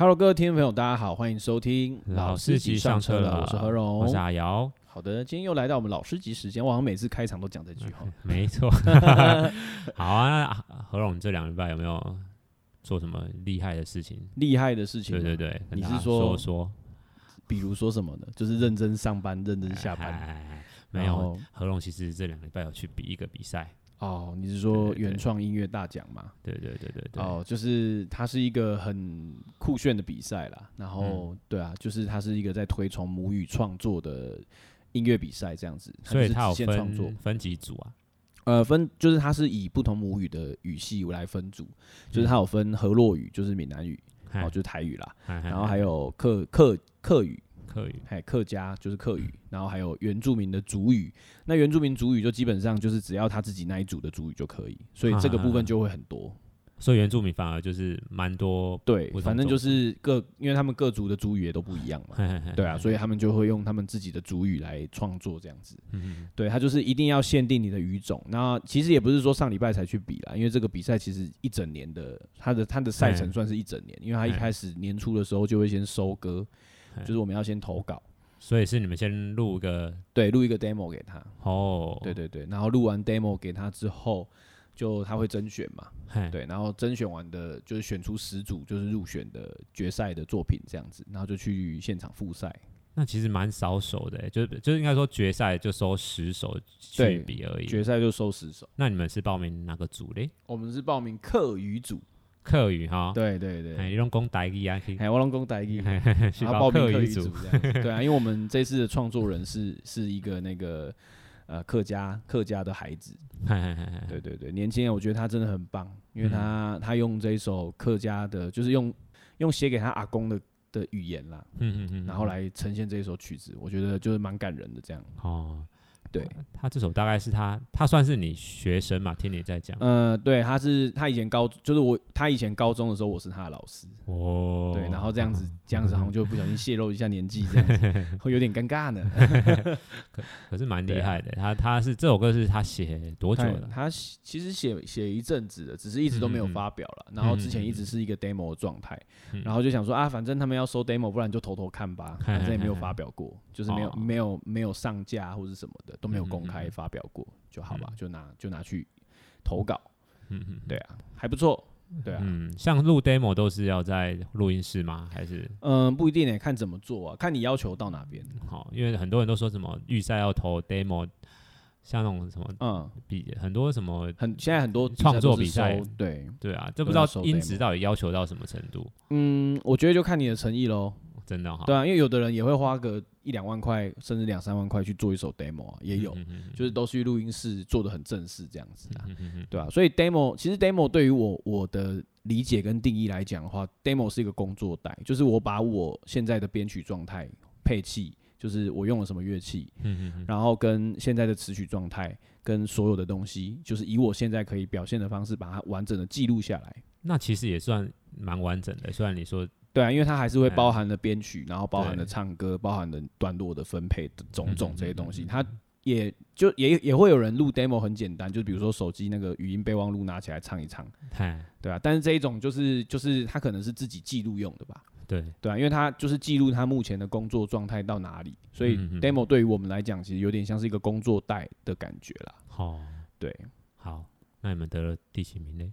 Hello，各位聽眾朋友，大家好，歡迎收聽老司機上車了，車了我是和榮，我是阿瑤。好的，今天又來到我們老司機時間，我好像每次開場都講這句話，嗯、沒錯。 好啊，和榮你這兩個禮拜有沒有做什麼厲害的事情？厲害的事情、啊，對對對，你是說說，說，比如說什麼的？就是認真上班，認真下班。沒有，和榮其實這兩個禮拜有去比一個比賽。哦，你是說原創音樂大獎嗎？對對對對對、對。哦，就是它是一個很酷炫的比賽啦。然後，嗯、對啊，就是它是一個在推崇母語創作的音樂比賽這樣子。是作所以它有分創作分幾組啊？呃，分就是它是以不同母語的語系來分組，就是它有分河洛語，就是閩南語，哦，嗯、就是台語啦。然後還有客客客語。客語，還有客家就是客語，然後還有原住民的族語。那原住民族語就基本上就是只要他自己那一族的族語就可以，所以這個部分就會很多。啊啊啊啊所以原住民反而就是蠻多，對，反正就是各，因為他們各族的族語也都不一樣嘛，對啊，所以他們就會用他們自己的族語來創作這樣子。嗯哼，對他就是一定要限定你的語種。那其實也不是說上禮拜才去比啦，因為這個比賽其實一整年的，他的他的賽程算是一整年，嘿因為他一開始年初的時候就會先收割。就是我們要先投稿，所以是你們先錄個，對錄一個，個 demo 給他哦，對對對，然後錄完 demo 給他之後，就他會甄選嘛，嘿對，然後甄選完的，就是選出十組就是入選的決賽的作品這樣子，然後就去現場複賽。那其實蠻少首的，欸，就就應該說決賽就收十首去比而已，決賽就收十首。那你們是報名哪個組嘞？我們是報名客語組。客語哈，哦、對對對，你都講台語啊，我都講台語，然後客語組，對啊，因為我們這次的創作人是是一個那個呃客家客家的孩子，嘿嘿嘿嘿對對對，年輕人我覺得他真的很棒，因為他、嗯、他用這一首客家的，就是用用寫給他阿公的的語言啦，嗯嗯嗯嗯然後來呈現這一首曲子，我覺得就是蠻感人的這樣哦。對，他這首大概是他，他算是你學生嘛？聽你在講。嗯，對，他是他以前高，就是我，他以前高中的時候，我是他的老師。哦。對，然後這樣子，這樣子好像就不小心泄露一下年紀，這樣子會有點尷尬呢。可可是蠻厲害的，他他是這首歌是他寫多久了？他其實寫寫一陣子的，只是一直都沒有發表了。然後之前一直是一個 demo 的狀態，然後就想說啊，反正他們要收 demo，不然就偷偷看吧。反正也沒有發表過，就是沒有沒有沒有上架或是什麼的。都沒有公開發表過，嗯嗯嗯，就好吧，嗯、就拿就拿去投稿，嗯嗯，對啊，還不錯，對啊，嗯，像錄 demo 都是要在錄音室嗎？還是？嗯，不一定、欸，看怎麼做、啊，看你要求到哪邊。好，因為很多人都說什麼預賽要投 demo，像那種什麼，嗯，比很多什麼，很現在很多創作比賽，對對啊，就不知道音質到底要求到什麼程度。嗯，我覺得就看你的誠意嘍。真的對啊，因為有的人也會花個一兩萬塊，甚至兩三萬塊去做一首 demo 啊，也有，就是都是去錄音室做的很正式這樣子啊，對啊，所以 demo 其實 demo 對於我我的理解跟定義來講的話，demo 是一個工作帶，就是我把我現在的編曲狀態、配器，就是我用了什麼樂器，然後跟現在的詞曲狀態跟所有的東西，就是以我現在可以表現的方式把它完整的記錄下來。那其實也算蠻完整的，雖然你說。對啊，因為它還是會包含了編曲，哎、然後包含了唱歌，對包含了段落的分配的種種這些東西。嗯嗯嗯嗯、它也就也也會有人錄 demo，很簡單，嗯、就是比如說手機那個語音備忘錄拿起來唱一唱，哎、對啊，但是這一種就是就是他可能是自己記錄用的吧？對對啊，因為他就是記錄他目前的工作狀態到哪裡，所以 demo 對於我們來講，其實有點像是一個工作帶的感覺啦。好、哦，對，好，那你們得了第幾名呢？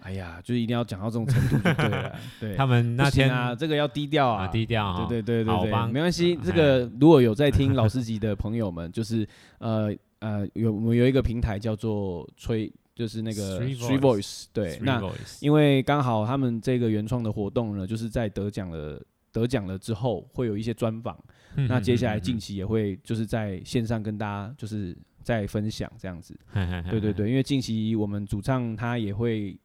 哎呀，就是一定要講到這種程度。對，對他們那天啊，這個要低調啊，低調。對對對對對，沒關係。這個如果有在聽老司機的朋友們，就是呃呃，有有一個平台叫做吹，就是那個 Three Voice。對，那因為剛好他們這個原創的活動呢，就是在得獎了得獎了之後，會有一些專訪。那接下來近期也會就是在線上跟大家就是再分享這樣子。對對對，因為近期我們主唱他也會。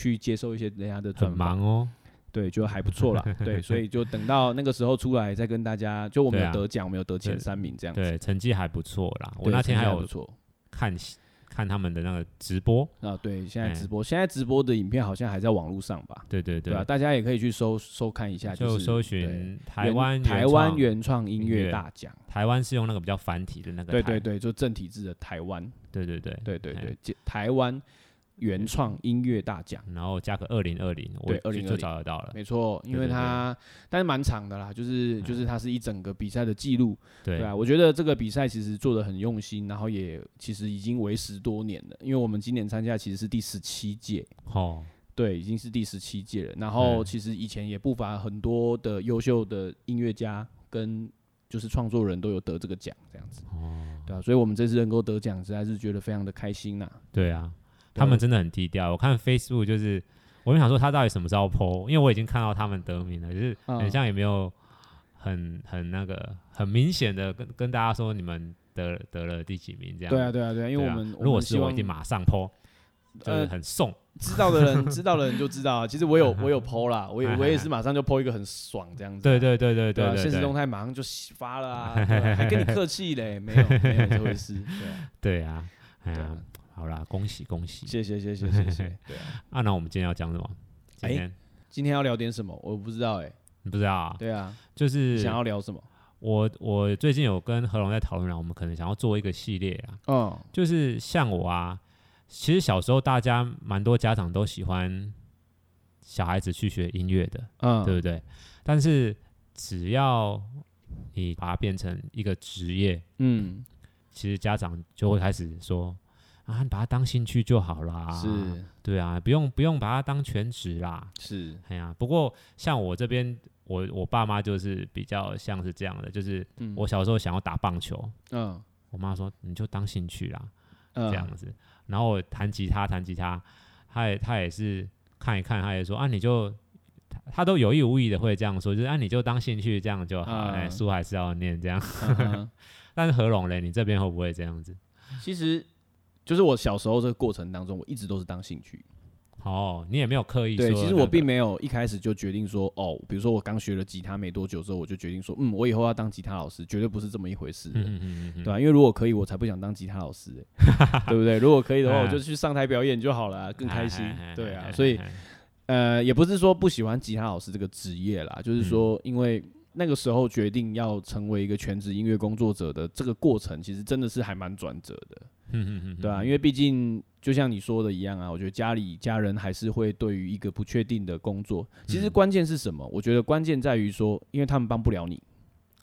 去接受一些人家的專訪哦，對，就還不錯了，對，所以就等到那個時候出來再跟大家，就我們有得獎，我們有得前三名這樣，對，成績還不錯啦。我那天還有看看他們的那個直播啊，對，現在直播，現在直播的影片好像還在網絡上吧？對對對，大家也可以去搜搜看一下，就搜尋台灣台灣原創音樂大獎，台灣是用那個比較繁體的那個，對對對，就正體字的台灣，對對對對對對，台灣。原創音樂大獎，然後加個二零二零，我也就，就找得到了。沒錯，因為它對對對，但是蠻長的啦，就是、嗯、就是它是一整個比賽的記錄，對，對啊。我覺得這個比賽其實做得很用心，然後也其實已經為時多年了，因為我們今年參加其實是第十七屆，哦、對，已經是第十七屆了。然後其實以前也不乏很多的優秀的音樂家跟就是創作人都有得這個獎，這樣子，哦、對啊。所以我們這次能夠得獎，實在是覺得非常的開心吶、啊，對啊。他們真的很低調。我看 Facebook 就是，我就想說他到底什麼時候 PO？因為我已經看到他們得名了，就是很像也沒有很很那個很明顯的跟跟大家說你們得得了第幾名這樣。對啊對啊對，因為我們如果是我一定馬上 PO，就是很送，知道的人知道的人就知道。其實我有我有 PO 啦，了，我也我也是馬上就 PO 一個很爽這樣子。對對對對對，限時動態馬上就發了啊，還跟你客氣嘞，沒有沒有這回事。對啊，哎呀。好啦，恭喜恭喜！謝謝，謝謝謝謝謝謝。對啊、啊 啊、那我們今天要講什麼？今天、欸、今天要聊點什麼？我不知道哎、欸，你不知道啊？對啊，就是想要聊什麼？我我最近有跟何龍在討論啊，我們可能想要做一個系列啊。嗯，就是像我啊，其實小時候大家蠻多家長都喜歡小孩子去學音樂的，嗯，對不對？但是只要你把它變成一個職業，嗯，其實家長就會開始說。啊，你把它當興趣就好啦，是，對啊，不用不用把它當全職啦，是，哎呀、啊，不過像我這邊，我我爸媽就是比較像是這樣的，就是我小時候想要打棒球，嗯，我媽說你就當興趣啦，嗯、這樣子，然後我彈吉他彈吉他，他也他也是看一看，他也說啊你就他，他都有意無意的會這樣說，就是啊你就當興趣這樣就好，哎、嗯欸，書還是要念這樣，嗯、呵呵，但是和榮呢？你這邊會不會這樣子？其實。就是我小時候這個過程當中，我一直都是當興趣。哦，你也沒有刻意對，其實我並沒有一開始就決定說，哦，比如說我剛學了吉他沒多久之後，我就決定說，嗯，我以後要當吉他老師，絕對不是這麼一回事，對吧，啊？因為如果可以，我才不想當吉他老師，欸，對不對？如果可以的話，我就去上台表演就好了，更開心。對啊，所以，呃，也不是說不喜歡吉他老師這個職業啦，就是說因為。那個時候決定要成為一個全職音樂工作者的這個過程，其實真的是還蠻轉折的，對啊，因為畢竟就像你說的一樣啊，我覺得家裡家人還是會對於一個不確定的工作，其實關鍵是什麼？我覺得關鍵在於說，因為他們幫不了你，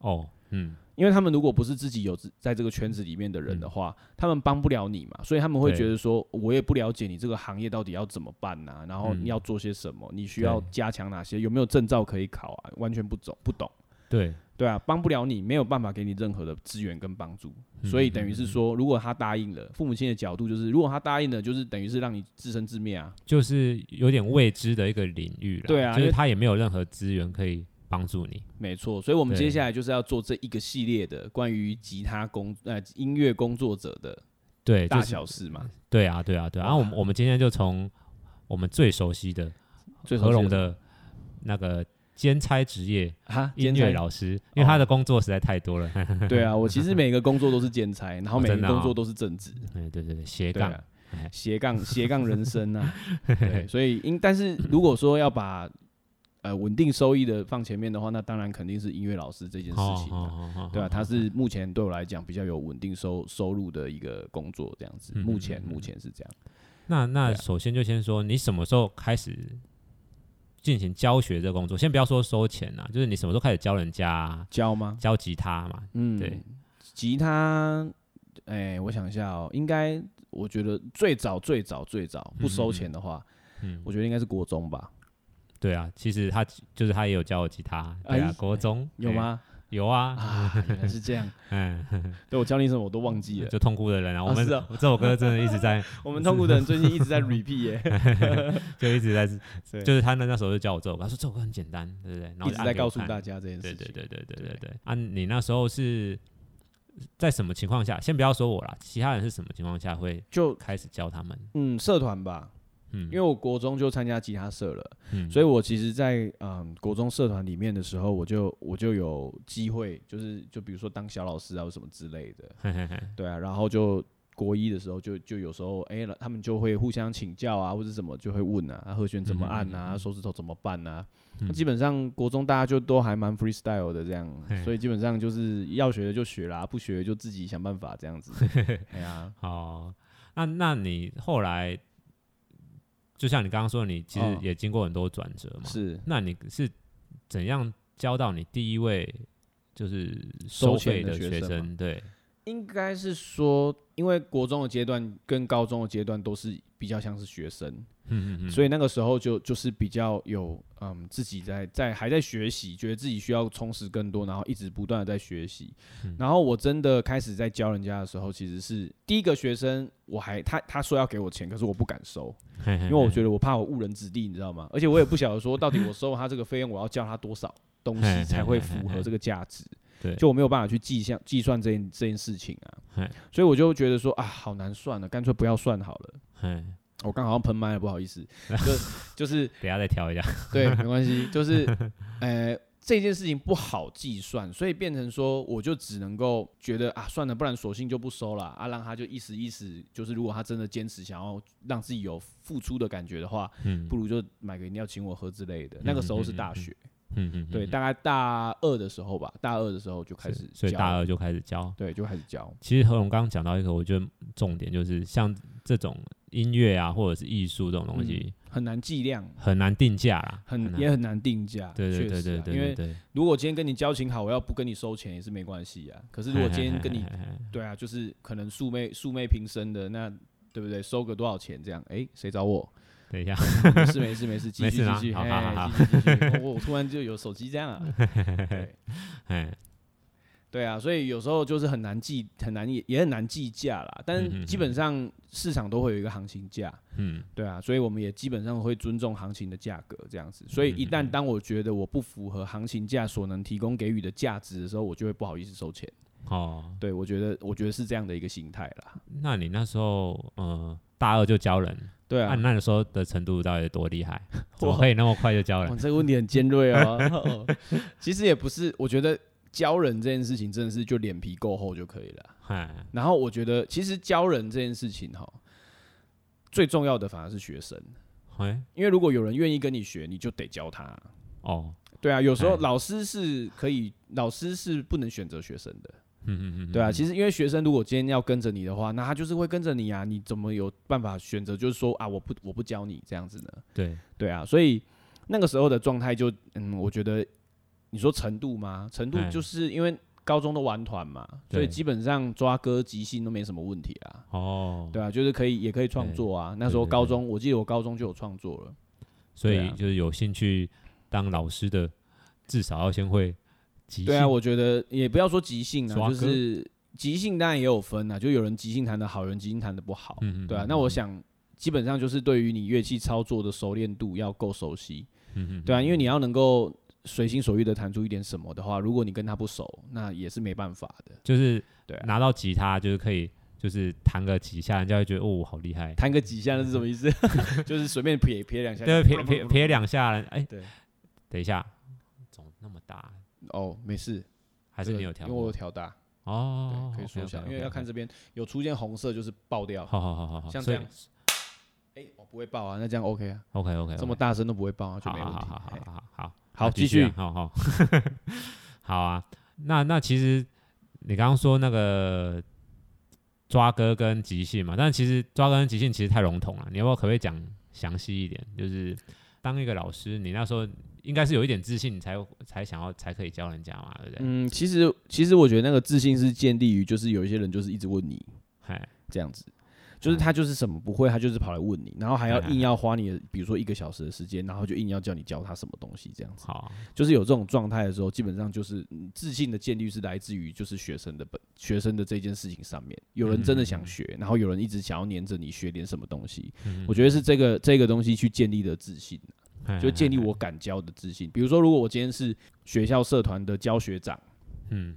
哦，嗯，因為他們如果不是自己有在這個圈子裡面的人的話，他們幫不了你嘛，所以他們會覺得說，我也不了解你這個行業到底要怎麼辦呢、啊？然後你要做些什麼？你需要加強哪些？有沒有證照可以考啊？完全不懂，不懂。對對啊，幫不了你，沒有辦法給你任何的資源跟幫助，嗯、所以等於是說，嗯、如果他答應了，父母親的角度就是，如果他答應了，就是等於是讓你自生自滅啊，就是有點未知的一個領域了。對啊，就是他也沒有任何資源可以幫助你。沒錯，所以我們接下來就是要做這一個系列的關於吉他工對呃音樂工作者的對大小事嘛、就是。對啊，對啊，對啊，我們、啊啊、我們今天就從我們最熟悉的最熟悉的合攏的那個。兼差職業啊，音樂老師，因為他的工作實在太多了。對啊，我其實每個工作都是兼差，然後每個工作都是正職。對對對，斜槓，斜槓斜槓人生啊。對，所以因但是如果說要把呃穩定收益的放前面的話，那當然肯定是音樂老師這件事情，對啊，他是目前對我來講比較有穩定收收入的一個工作，這樣子。目前目前是這樣。那那首先就先說，你什麼時候開始？進行教學這個工作，先不要說收錢啊，就是你什麼時候開始教人家、啊、教嗎？教吉他嘛，嗯，對，吉他，哎、欸，我想一下哦、喔，應該我覺得最早最早最早不收錢的話，嗯，嗯，嗯，我覺得應該是國中吧，對啊，其實他就是他也有教我吉他，對啊，欸、國中、欸、有嗎？欸有啊，是這樣。對，我教你什麼我都忘記了。就痛苦的人啊，我們這首歌真的一直在。我們痛苦的人最近一直在 repeat 耶，就一直在，就是他那那時候就教我這首歌，他說這首歌很簡單，對不對？然後一直在告訴大家這件事情。對對對對對對對。啊，你那時候是在什麼情況下？先不要說我了，其他人是什麼情況下會就開始教他們？嗯，社團吧。嗯，因為我國中就參加吉他社了，嗯，所以我其實在，在嗯國中社團裡面的時候我，我就我就有機會，就是就比如說當小老師啊什麼之類的，嘿嘿嘿對啊，然後就國一的時候就就有時候，哎、欸，他們就會互相請教啊，或者什麼就會問啊，和、啊、弦怎麼按啊，嗯嗯嗯手指頭怎麼辦啊？嗯、那基本上國中大家就都還蠻 freestyle 的這樣，嘿嘿所以基本上就是要學的就學啦，不學的就自己想辦法這樣子。嘿嘿對啊，好，那那你後來？就像你剛剛說，你其實也經過很多轉折嘛。哦、是，那你是怎樣教到你第一位就是收費的學生？學生對。應該是說，因為國中的階段跟高中的階段都是比較像是學生，嗯嗯，所以那個時候就就是比較有嗯自己在在還在學習，覺得自己需要充實更多，然後一直不斷的在學習。然後我真的開始在教人家的時候，其實是第一個學生，我還他他說要給我錢，可是我不敢收，因為我覺得我怕我誤人子弟，你知道嗎？而且我也不曉得說到底我收了他這個費用，我要教他多少東西才會符合這個價值。對就我沒有辦法去計算，計算這件這件事情啊，嘿所以我就覺得說啊，好難算了，乾脆不要算好了。嘿我剛好像噴麥不好意思，就就是， 等下再調一下。對，沒關係，就是 呃這件事情不好計算，所以變成說我就只能夠覺得啊算了，不然索性就不收了。啊，讓他就意思意思，就是如果他真的堅持想要讓自己有付出的感覺的話，嗯、不如就買個飲料請我喝之類的。嗯嗯嗯嗯嗯，那個時候是大學。嗯嗯嗯嗯嗯嗯，對，大概大二的時候吧，大二的時候就開始教，所以大二就開始教，對，就開始教。其實和榮剛剛講到一個，我覺得重點就是像這種音樂啊，或者是藝術這種東西，嗯，很難計量，很難定價啦，啊，很也很難定價。對對對對對，因為如果今天跟你交情好，我要不跟你收錢也是沒關係啊。可是如果今天跟你，嘿嘿嘿嘿嘿對啊，就是可能素昧素昧平生的，那對不對？收個多少錢這樣？哎、欸，誰找我？等一下，沒事沒事沒事，繼續繼續，好好好繼續繼續、哦，我突然就有手機這樣了。 對，對啊，所以有時候就是很難計，很難也也很難計價啦。但是基本上市場都會有一個行情價，嗯，對啊，所以我們也基本上會尊重行情的價格這樣子。所以一旦當我覺得我不符合行情價所能提供給予的價值的時候，我就會不好意思收錢。哦，對，我覺得我覺得是這樣的一個心態啦。那你那時候呃，大二就教人。對啊，那你說的程度到底有多厲害？我 可以那麼快就教人？哇，這個問題很尖銳哦， 哦。其實也不是，我覺得教人這件事情真的是就臉皮夠厚就可以了。嘿然後我覺得其實教人這件事情哈、哦，最重要的反而是學生。嘿因為如果有人願意跟你學，你就得教他。哦，對啊，有時候老師是可以，嘿老師是不能選擇學生的。嗯嗯嗯,嗯，對啊，其實因為學生如果今天要跟着你的話，那他就是會跟着你啊，你怎麼有辦法選擇就是說啊，我不我不教你這樣子呢？對對啊，所以那個時候的狀態就，嗯，我覺得你說程度嗎？程度就是因為高中都玩團嘛，唉所以基本上抓歌即興都沒什麼問題啊。哦對，對啊，就是可以也可以創作啊。對對對那時候高中，我記得我高中就有創作了，所以就是有興趣當老師的，至少要先會。對啊，我覺得也不要說即興了，就是即興當然也有分啊。就有人即興彈得好，有人即興彈得不好，嗯嗯，對啊。那我想基本上就是對於你樂器操作的熟練度要夠熟悉，嗯嗯，對啊，因為你要能夠隨心所欲的彈出一點什麼的話，如果你跟他不熟，那也是沒辦法的。就是對，拿到吉他就是可以就是彈個幾下，人家會覺得哦好厲害，彈個幾下那是什麼意思？就是隨便撇撇兩下，對，撇撇撇兩下，哎，對，等一下，怎麼那麼大？哦，沒事，還是你有調，因為我有調大哦，可以縮小，因為要看這邊有出現紅色就是爆掉，好好好好好，像這樣，哎，我不會爆啊，那這樣 OK 啊，OK OK，這麼大聲都不會爆，就沒問題，好好好好好好好，繼續，好好，好啊，那那其實你剛剛說那個抓歌跟即興嘛，但其實抓歌跟即興其實太籠統了，你可不可以講詳細一點？就是當一個老師，你那時候。應該是有一點自信，你才才想要才可以教人家嘛，對不對？嗯，其實其實我覺得那個自信是建立於就是有一些人就是一直問你，嗨嘿，這樣子，就是他就是什麼不會，他就是跑來問你，然後還要硬要花你的，比如說一個小時的時間，嘿嘿嘿，然後就硬要叫你教他什麼東西，這樣子，好，就是有這種狀態的時候，基本上就是、嗯、自信的建立是來自於就是學生的本學生的這件事情上面，有人真的想學，嗯、然後有人一直想要黏着你學點什麼東西，嗯、我覺得是這個這個東西去建立的自信。就建立我敢教的自信。嘿嘿嘿。比如說，如果我今天是學校社團的教學長，嗯，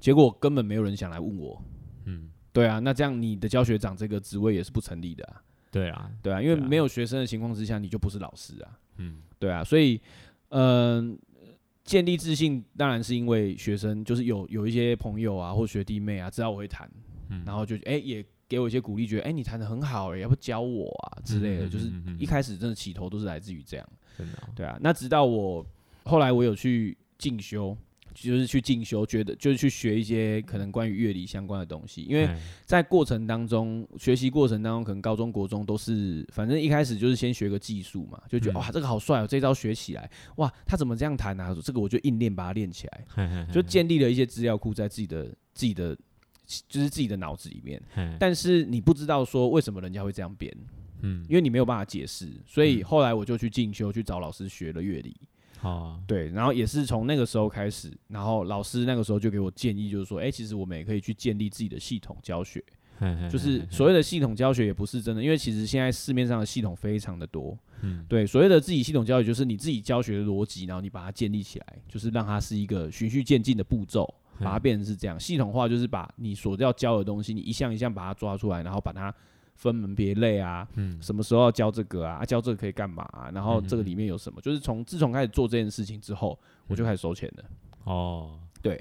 結果根本沒有人想來問我，嗯，對啊，那這樣你的教學長這個職位也是不成立的，對啊，嗯、對啊，因為沒有學生的情況之下，你就不是老師啊，嗯，對啊，所以，嗯、呃，建立自信當然是因為學生，就是有有一些朋友啊或學弟妹啊知道我會彈，嗯、然後就哎、欸、也。給我一些鼓勵，覺得哎，欸、你彈得很好，欸，哎，要不教我啊之類的，就是一開始真的起頭都是來自於這樣，真的哦，對啊。那直到我後來我有去進修，就是去進修，覺得就是去學一些可能關於樂理相關的東西，因為在過程當中嘿學習過程當中，可能高中國中都是反正一開始就是先學個技術嘛，就覺得、嗯、哇，這個好帥哦，喔，這招學起來，哇，他怎麼這樣彈啊，這個我就硬練把它練起來，嘿嘿嘿嘿就建立了一些資料庫在自己的自己的。就是自己的腦子裡面，嘿但是你不知道說為什麼人家會這樣編，嗯，因為你沒有辦法解釋，所以後來我就去進修去找老師學了樂理，嗯、對，然後也是從那個時候開始，然後老師那個時候就給我建議，就是說，哎、欸，其實我們也可以去建立自己的系統教學，嘿嘿嘿嘿就是所謂的系統教學也不是真的，因為其實現在市面上的系統非常的多，嗯，對，所謂的自己系統教學就是你自己教學的邏輯，然後你把它建立起來，就是讓它是一個循序漸進的步驟。嗯、把它變成是這樣系統化，就是把你所要教的東西，你一項一項把它抓出來，然後把它分門別類啊，嗯，什麼時候要教這個啊？教、啊、這個可以幹嘛、啊？然後這個裡面有什麼？嗯嗯，就是從自從開始做這件事情之後，嗯、我就開始收錢了。哦，對，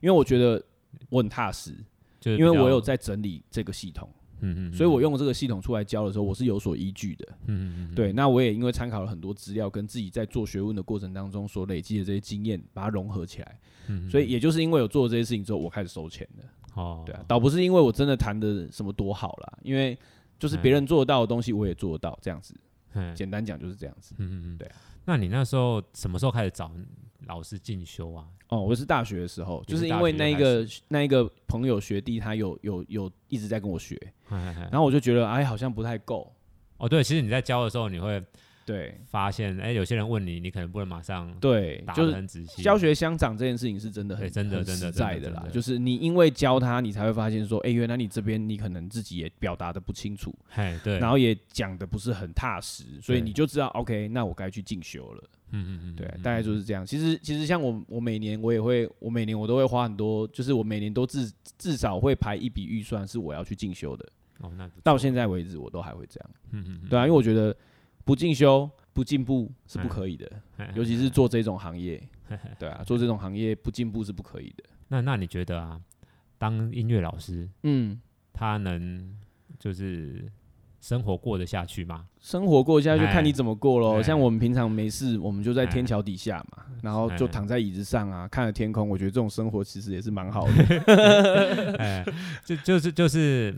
因為我覺得我很踏實，就因為我有在整理這個系統。嗯嗯，所以我用這個系統出來教的時候，我是有所依據的。嗯哼嗯，哼嗯，對,那我也因為參考了很多資料，跟自己在做學問的過程當中所累積的這些經驗，把它融合起來。嗯、嗯所以也就是因為我做了這些事情之後，我開始收錢的。哦，對啊，倒不是因為我真的彈得什麼多好啦，因為就是別人做得到的東西，我也做得到，這樣子。嘿簡單講就是這樣子。嗯哼嗯嗯，對啊。那你那時候什麼時候開始找老師進修啊？哦，我是大學的時候，嗯、就是因為那一個那一個朋友學弟，他有有有一直在跟我學， 然後我就覺得哎，好像不太夠。哦，對，其實你在教的時候，你會。對，發現哎、欸，有些人問你，你可能不能馬上對，就是很仔細。教學相長這件事情是真的很真的真的實在的啦，的的的就是你因為教他，你才會發現說，哎對、欸，原來你這邊你可能自己也表達的不清楚，對，對然後也講的不是很踏實，所以你就知道對，OK，那我該去進修了。嗯嗯嗯，對，大概就是這樣。其實其實像我我每年我也會，我每年我都會花很多，就是我每年都至至少會排一筆預算是我要去進修的。哦、到現在為止我都還會這樣。嗯嗯，對啊，因為我覺得。不進修、不進步是不可以的，尤其是做這種行業，對啊，做這種行業不進步是不可以的。那那你覺得啊，當音樂老師，嗯，他能就是生活過得下去嗎？生活過得下去看你怎麼過咯。像我們平常沒事，我們就在天橋底下嘛，然後就躺在椅子上啊，看着天空。我覺得這種生活其實也是蠻好的。就就是就是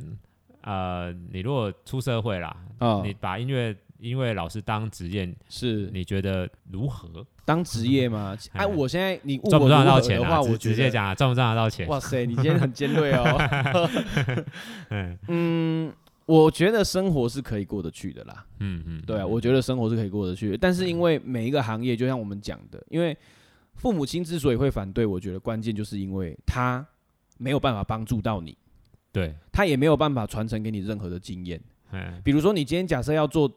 呃，你如果出社會啦，哦，你把音樂。因為老師當職業是，你覺得如何當職業嗎？哎，我現在你賺不賺得到錢的話，我直接講賺不賺得到錢。哇塞，你今天很尖銳哦。嗯，我覺得生活是可以過得去的啦。嗯嗯，對啊，我覺得生活是可以過得去的，但是因為每一個行業，就像我們講的，因為父母親之所以會反對，我覺得關鍵就是因為他沒有辦法幫助到你，對他也沒有辦法傳承給你任何的經驗。比如說你今天假設要做。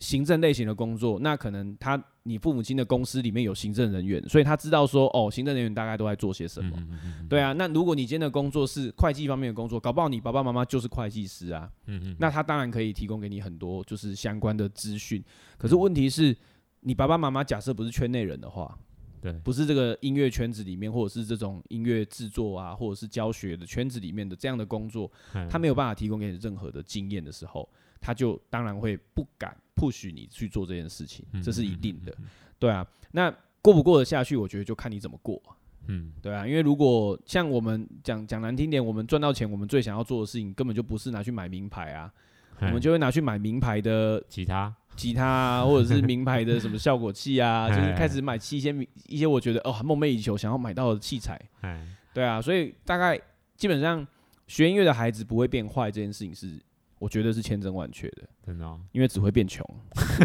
行政類型的工作，那可能他你父母親的公司裡面有行政人員，所以他知道說哦，行政人員大概都在做些什麼。嗯嗯嗯嗯對啊，那如果你今天的工作是會計方面的工作，搞不好你爸爸媽媽就是會計師啊。嗯嗯，那他當然可以提供給你很多就是相關的資訊。可是問題是，嗯，你爸爸媽媽假設不是圈內人的話，對，不是這個音樂圈子裡面，或者是這種音樂製作啊，或者是教學的圈子裡面的這樣的工作，嗯嗯嗯，他沒有辦法提供給你任何的經驗的時候。他就當然會不敢 push 你去做這件事情，這是一定的。嗯嗯嗯嗯、對啊。那過不過得下去，我覺得就看你怎麼過，嗯，對啊。因為如果像我們講講難聽點，我們賺到錢，我們最想要做的事情根本就不是拿去買名牌啊，嘿我們就會拿去買名牌的吉他、吉他或者是名牌的什麼效果器啊， 就是開始買一些嘿嘿嘿一些我覺得哦夢寐以求想要買到的器材，嘿對啊。所以大概基本上學音樂的孩子不會變壞，這件事情是。我覺得是千真萬確的，真的、嗯，因為只會變窮。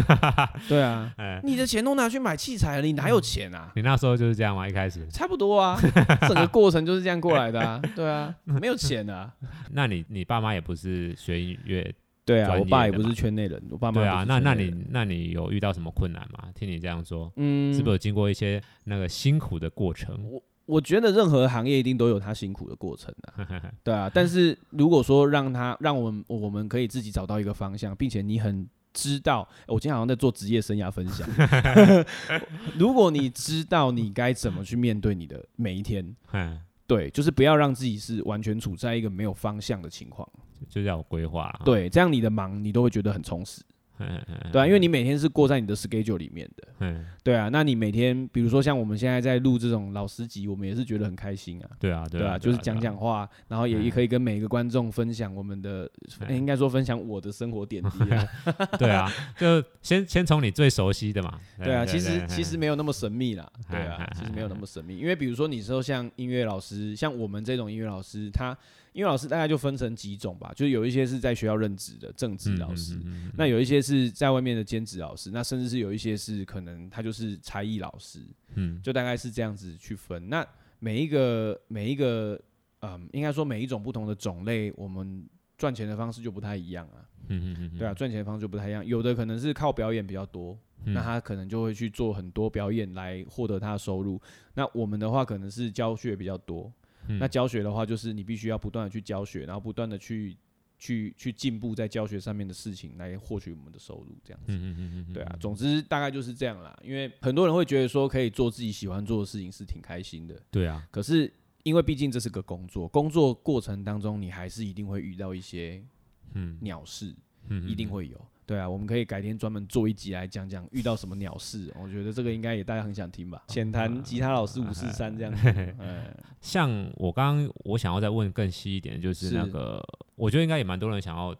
對啊，欸、你的錢都拿去買器材了，你哪有錢啊？你那時候就是這樣嗎？一開始差不多啊， 整個過程就是這樣過來的、啊。對啊，沒有錢啊。 那你你爸媽也不是學音樂，對啊，我爸也不是圈內人，我爸媽對啊。不是那那你那你有遇到什麼困難嗎？聽你這樣說，嗯，是不是有經過一些那個辛苦的過程？我覺得任何行業一定都有它辛苦的過程的啊，對啊。但是如果說讓它讓我們我們可以自己找到一個方向，並且你很知道，我今天好像在做職業生涯分享。 如果你知道你該怎麼去面對你的每一天，對，就是不要讓自己是完全處在一個沒有方向的情況，就叫規劃。對，這樣你的忙你都會覺得很充實。對啊，因為你每天是過在你的 schedule 裡面的。對啊，那你每天，比如說像我們現在在錄這種老師集，我們也是覺得很開心啊。對啊，對啊，就是講講話，然後也也可以跟每一個觀眾分享我們的，應該說分享我的生活點滴啊。對啊，就先先從你最熟悉的嘛。對啊，其實其實沒有那麼神秘啦。對啊，其實沒有那麼神秘，因為比如說你說像音樂老師，像我們這種音樂老師，他音樂老師大概就分成幾種吧，就有一些是在學校任職的正職老師，那有一些。是在外面的兼職老師，那甚至是有一些是可能他就是才藝老師，嗯，就大概是這樣子去分。那每一個每一個，嗯，應該說每一種不同的種類，我們賺錢的方式就不太一樣啊。嗯哼嗯哼，對啊，賺錢的方式就不太一樣，有的可能是靠表演比較多，嗯，那他可能就會去做很多表演來獲得他的收入。那我們的話可能是教學比較多，嗯，那教學的話就是你必須要不斷的去教學，然後不斷的去。去去進步在教學上面的事情，來獲取我們的收入，這樣子。嗯嗯嗯、對啊，總之大概就是這樣啦。因為很多人會覺得說，可以做自己喜歡做的事情是挺開心的。對啊。可是因為畢竟這是個工作，工作過程當中你還是一定會遇到一些嗯鳥事，嗯，一定會有。對啊，我們可以改天專門做一集來講講遇到什麼鳥事。 我覺得這個應該也大家很想聽吧。淺談、哦、吉他老師五四三這樣子。啊哎嗯、像我剛剛我想要再問更細一點，就是那個是。我覺得應該也蠻多人想要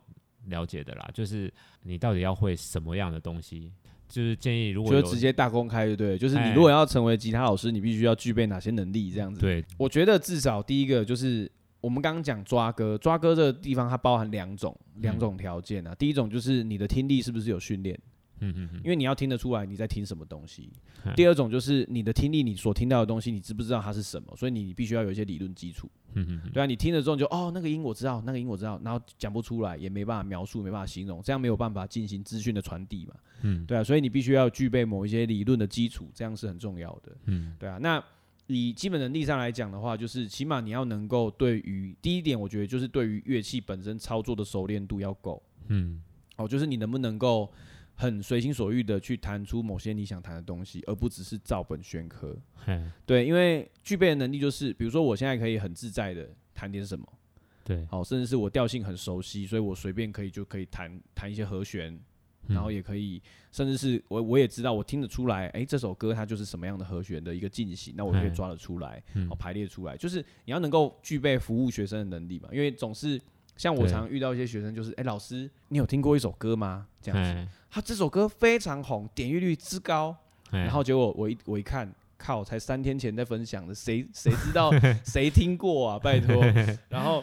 了解的啦，就是你到底要會什麼樣的東西？就是建議，如果就直接大公開就對，就是你如果要成為吉他老師，你必須要具備哪些能力？這樣子，對，我覺得至少第一個就是我們剛剛講抓歌，抓歌這個地方它包含兩種兩種條件啊。嗯，第一種就是你的聽力是不是有訓練？嗯嗯，因為你要聽得出來你在聽什麼東西。哎、第二種就是你的聽力，你所聽到的東西，你知不知道它是什麼？所以你必須要有一些理論基礎。嗯嗯，對啊，你聽了之後就哦，那個音我知道，那個音我知道，然後講不出來，也沒辦法描述，沒辦法形容，這樣沒有辦法進行資訊的傳遞嘛。嗯，對啊，所以你必須要具備某一些理論的基礎，這樣是很重要的。嗯，對啊，那以基本能力上來講的話，就是起碼你要能夠對於第一點，我覺得就是對於樂器本身操作的熟練度要夠。嗯，哦，就是你能不能夠。很隨心所欲的去彈出某些你想彈的東西，而不只是照本宣科。Hey. 對，因為具備的能力就是，比如說我現在可以很自在的彈點什麼。對，好、哦，甚至是我調性很熟悉，所以我隨便可以就可以彈彈一些和弦，然後也可以，嗯、甚至是我，我我也知道，我聽得出來，哎、欸，這首歌它就是什麼樣的和弦的一個進行，那我可以抓得出來，好 Hey.、哦、排列出來，嗯、就是你要能夠具備服務學生的能力嘛，因為總是像我常遇到一些學生就是，哎對、欸，老師你有聽過一首歌嗎？這樣子。Hey. 他、啊、這首歌非常紅，點擊率之高，然後結果我一我一看，靠，才三天前在分享的，誰誰知道誰 聽過啊？拜託。然後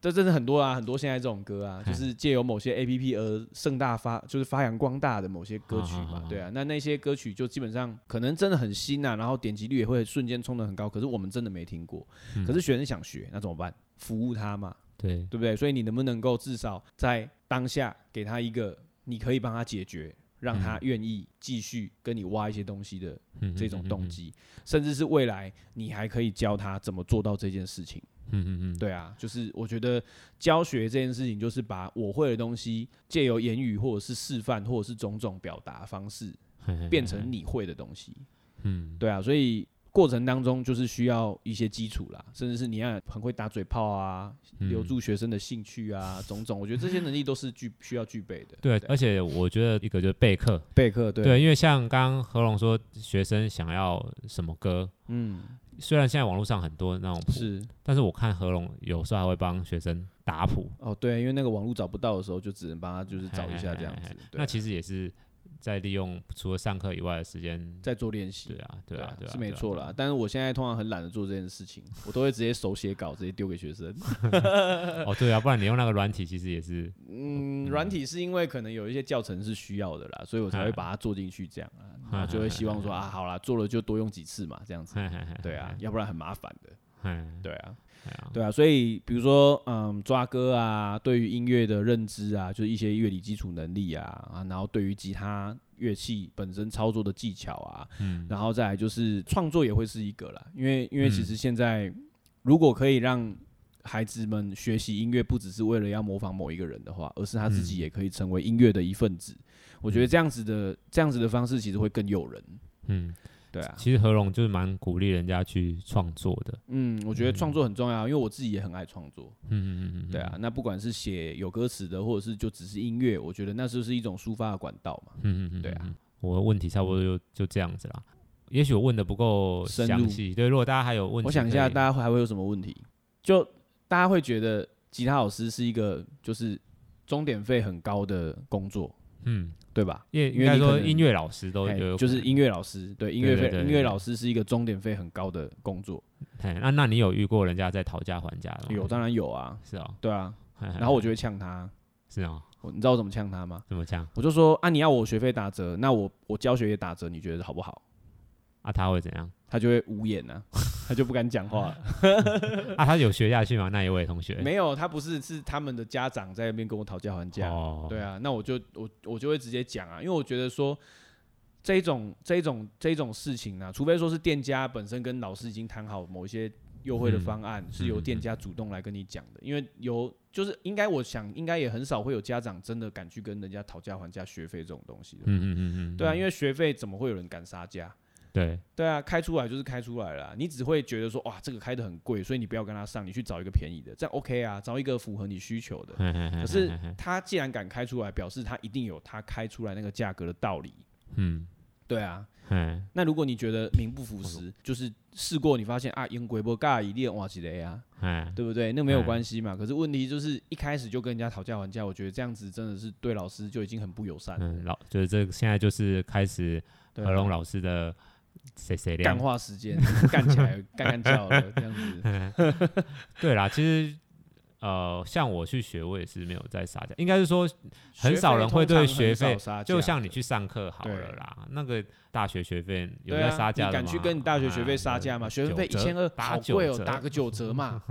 這真的很多啊，很多現在這種歌啊，嘿就是借由某些 APP 而盛大發，就是發揚光大的某些歌曲嘛，好好好對啊。那那些歌曲就基本上可能真的很新啊，然後點擊率也會瞬間衝得很高，可是我們真的沒聽過。嗯、可是學生想學，那怎麼辦？服務他嘛，對對不對？所以你能不能夠至少在當下給他一個？你可以幫他解決，讓他願意繼續跟你挖一些東西的這種動機，甚至是未來你還可以教他怎麼做到這件事情。嗯嗯嗯，對啊，就是我覺得教學這件事情，就是把我會的東西，借由言語或者是示範或者是種種表達方式，變成你會的東西。嗯，對啊，所以。過程當中就是需要一些基礎啦，甚至是你要很會打嘴炮啊，嗯、留住學生的興趣啊，種種，我覺得這些能力都是具 需要具備的。對，對而且我覺得一個就是備課，備課對，對，因為像剛剛何龍說，學生想要什麼歌，嗯，雖然現在網絡上很多那種譜，是，但是我看何龍有時候還會幫學生打譜。哦，對，因為那個網絡找不到的時候，就只能幫他就是找一下這樣子。嘿嘿嘿嘿那其實也是。再利用除了上課以外的時間，再做練習、啊，對啊，對啊，對是沒錯了。啊啊、但是我現在通常很懶得做這件事情， 我都會直接手寫稿，直接丟給學生。 哦，對啊，不然你用那個軟體其實也是，嗯，軟、嗯、體是因為可能有一些教程是需要的啦，所以我才會把它做進去這樣啊，就會希望說 啊，好啦，做了就多用幾次嘛，這樣子，對啊， 要不然很麻煩的。嘿嘿對啊，對啊，啊，所以比如說，嗯，抓歌啊，對於音樂的認知啊，就是一些樂理基礎能力啊，啊，然後對於吉他樂器本身操作的技巧啊，嗯，然後再來就是創作也會是一個啦。因為因為其實現在如果可以讓孩子們學習音樂，不只是為了要模仿某一個人的話，而是他自己也可以成為音樂的一份子，我覺得這樣子的這樣子的方式其實會更誘人，嗯。對啊，其實何榮就是蠻鼓勵人家去創作的。嗯，我覺得創作很重要，嗯、因為我自己也很愛創作。嗯，嗯嗯嗯嗯，對啊，那不管是寫有歌詞的，或者是就只是音樂，我覺得那就是一種抒發的管道嘛。嗯嗯嗯，對啊。我的問題差不多就就這樣子啦。也許我問的不夠詳細，深入。對，如果大家還有問題，我想一下，大家還會有什麼問題？就大家會覺得吉他老師是一個就是鐘點費很高的工作。嗯，對吧？因為應該說音樂老師都有，師都有、欸，就是音樂老師，對音樂費，音樂老師是一個鐘點費很高的工作。哎，那、欸啊、那你有遇過人家在討價還價嗎？有，當然有啊。是啊、喔，對啊。嘿嘿然後我就會嗆他，是啊、喔，你知道我怎麼嗆他嗎？怎麼嗆？我就說啊，你要我學費打折，那我我教學也打折，你覺得好不好？啊，他會怎樣？他就會無言吶，啊，他就不敢講話了、 啊、他有學下去嗎？那一位同學沒有，他不是，是他們的家長在那邊跟我討價還價。Oh. 對啊，那我就我我就會直接講啊，因為我覺得說這種這種這種事情啊，除非說是店家本身跟老師已經談好某一些優惠的方案，嗯、是由店家主動來跟你講的。嗯嗯、因為有就是應該我想應該也很少會有家長真的敢去跟人家討價還價學費這種東西，嗯嗯嗯嗯，嗯嗯對啊，嗯、因為學費怎麼會有人敢殺價？對對啊，開出來就是開出來了，你只會覺得說哇，這個開得很貴，所以你不要跟他上，你去找一個便宜的，這樣 OK 啊，找一個符合你需求的。嘿嘿嘿嘿，可是他既然敢開出來，表示他一定有他開出來那個價格的道理。嗯，對啊。嘿那如果你覺得名不符實，說就是試過你發現啊，英國不嘎一列哇塞啊，嘿嘿，對不對？那沒有關係嘛。可是問題就是一開始就跟人家討價還價，我覺得這樣子真的是對老師就已經很不友善了。嗯，老就是這現在就是開始和榮老師的。誰誰的？淡化時間，幹起來幹幹掉了，這樣子。對啦，其實呃，像我去學，我也是沒有在殺價。應該是說，很少人會對學費，就像你去上課好了啦，那個大學學費有在殺價嗎？敢去跟你大學學費殺價嗎？學費一千二，好貴哦，打個九折嘛。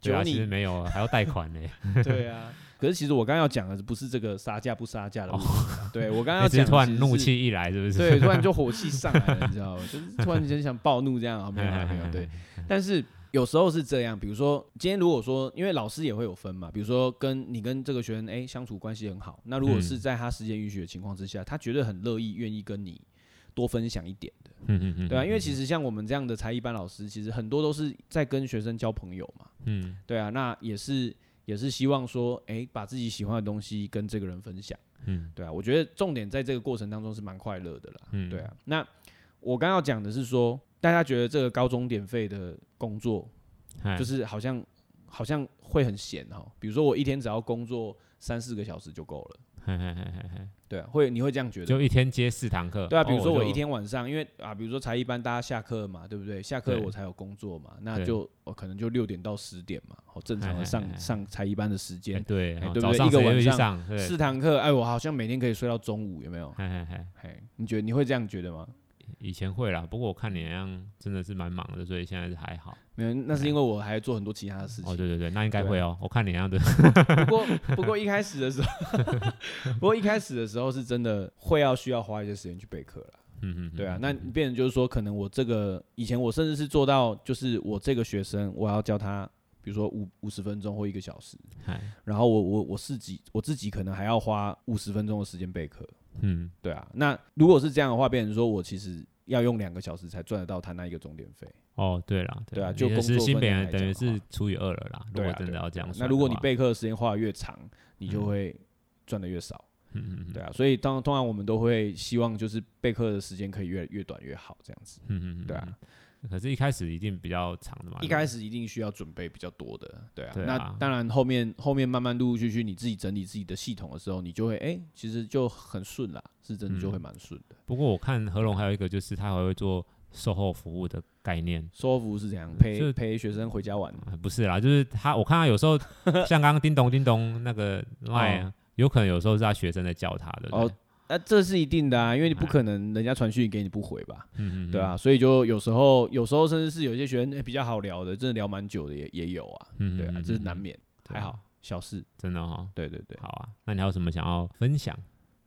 九折？其實沒有，還要貸款呢。對啊。可是其實我剛剛要講的不是這個殺價不殺價的問題。哦對，對我剛剛要講，欸、是突然怒氣一來是不是？對，突然就火氣上來了， 你知道嗎？就是突然間想暴怒這樣啊， 好，沒有。對。但是有時候是這樣，比如說今天如果說因為老師也會有分嘛，比如說跟你跟這個學生誒、欸、相處關係很好，那如果是在他時間允許的情況之下，嗯、他絕對很樂意願意跟你多分享一點的，嗯嗯嗯，對啊，因為其實像我們這樣的才藝班老師，其實很多都是在跟學生交朋友嘛，嗯，對啊，那也是。也是希望說，欸，把自己喜歡的東西跟這個人分享，嗯，對啊，我覺得重點在這個過程當中是蠻快樂的啦。嗯，對啊。那我剛要講的是說，大家覺得這個高鐘點費的工作，嘿就是好像好像會很閒喔。比如說我一天只要工作三四個小時就夠了。嘿嘿嘿對、啊、會你會這樣覺得嗎？就一天接四堂課，對啊。比如說我一天晚上，哦、因為啊，比如說才藝班大家下課嘛，對不對？下課我才有工作嘛，對那就我、哦、可能就六點到十點嘛，好、哦、正常的上嘿嘿嘿上才藝班的時間，對對，一個晚上，上四堂課，哎，我好像每天可以睡到中午，有沒有？嘿嘿嘿你覺得你會這樣覺得嗎？以前會啦，不過我看你那樣真的是蠻忙的，所以現在是還好。沒有，那是因為我還做很多其他的事情。哎、哦，對對對，那應該會哦、喔。吧我看你那樣的。 不過，不過一開始的時候， 不過一開始的時候是真的會要需要花一些時間去備課了。嗯嗯。對啊，那變成就是說，可能我這個以前我甚至是做到，就是我這個學生我要教他，比如說五五十分鐘或一個小時，哎、然後我我我自己我自己可能還要花五十分鐘的時間備課。嗯，對啊，那如果是這樣的話，變成說我其實要用兩個小時才賺得到他那一個鐘點費。哦，對啦，對，啦對啊，就是工作時間等於是除以二了啦。對啊，如果真的要這樣，啊啊。那如果你備課的時間花得越長，嗯、你就會賺得越少。嗯哼哼對啊，所以當通，通常我們都會希望就是備課的時間可以越越短越好，這樣子。嗯嗯，對啊。可是，一開始一定比較長的嘛。一開始一定需要準備比較多的，對啊。對啊，那當然，後面後面慢慢陸陸續續，你自己整理自己的系統的時候，你就會哎、欸，其實就很順啦，是真的就會蠻順的、嗯。不過我看和榮還有一個，就是他還會做售後服務的概念。售後服務是怎樣，陪就陪學生回家玩、呃、不是啦，就是他。我看他有時候 像剛剛叮咚叮咚那個 LINE、哦，有可能有時候是他學生在叫他的。對那、啊、這是一定的啊，因為你不可能人家傳訊給你不回吧，嗯、啊，對啊，所以就有時候，有時候甚至是有些學生、欸、比較好聊的，真的聊蠻久的也也有啊，對啊，嗯嗯嗯嗯，這是難免，啊、還好小事，真的哈、哦，對對對，好啊。那你還有什麼想要分享？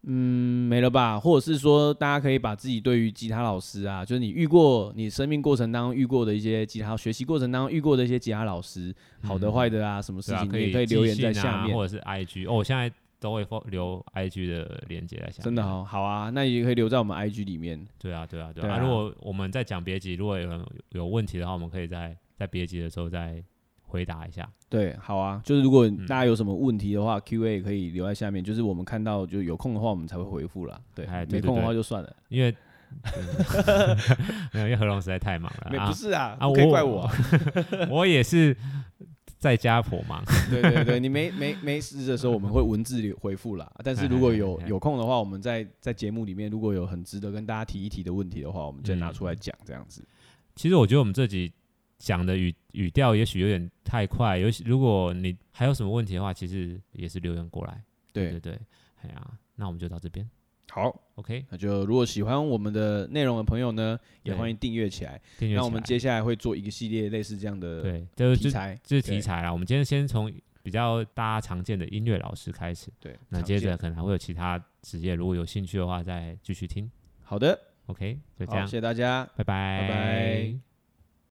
嗯，沒了吧？或者是說，大家可以把自己對於吉他老師啊，就是你遇過你生命過程當中遇過的一些吉他學習過程當中遇過的一些吉他老師，好的壞、嗯、的啊，什麼事情、啊可以啊、可以留言在下面，或者是 IG 哦，我現在。都會留 IG 的鏈接在下面，真的好、哦，好啊，那也可以留在我們 IG 裡面。對啊，對啊，對啊。對啊，啊，如果我們在講別集，如果有有問題的話，我們可以在在別集的時候再回答一下。對，好啊，就是如果大家有什麼問題的話、嗯、，Q&A 也可以留在下面。就是我們看到就有空的話，我們才會回復了。對，哎、對對對對，沒空的話就算了，因為 沒有，因為和榮實在太忙了。沒不是啊，啊，可以怪我，我，我，我也是。 在家婆嘛，對對對，你沒沒沒事的時候，我們會文字回復啦。 但是如果有有空的話，我們在在節目裡面，如果有很值得跟大家提一提的問題的話，我們再拿出來講這樣子、嗯。其實我覺得我們這集講的語語調也許有點太快。尤其如果你還有什麼問題的話，其實也是留言過來。對，對對對，哎呀、啊，那我們就到這邊。好，OK，那就如果喜歡我們的內容的朋友呢，也歡迎訂閱起來。訂閱起來。那我們接下來會做一個系列類似這樣的對，就是題材，就是題材啊。我們今天先從比較大家常見的音樂老師開始。對，那接着可能還會有其他職業，如果有興趣的話，再繼續聽。好的，OK，就這樣，謝謝大家，拜拜，拜拜。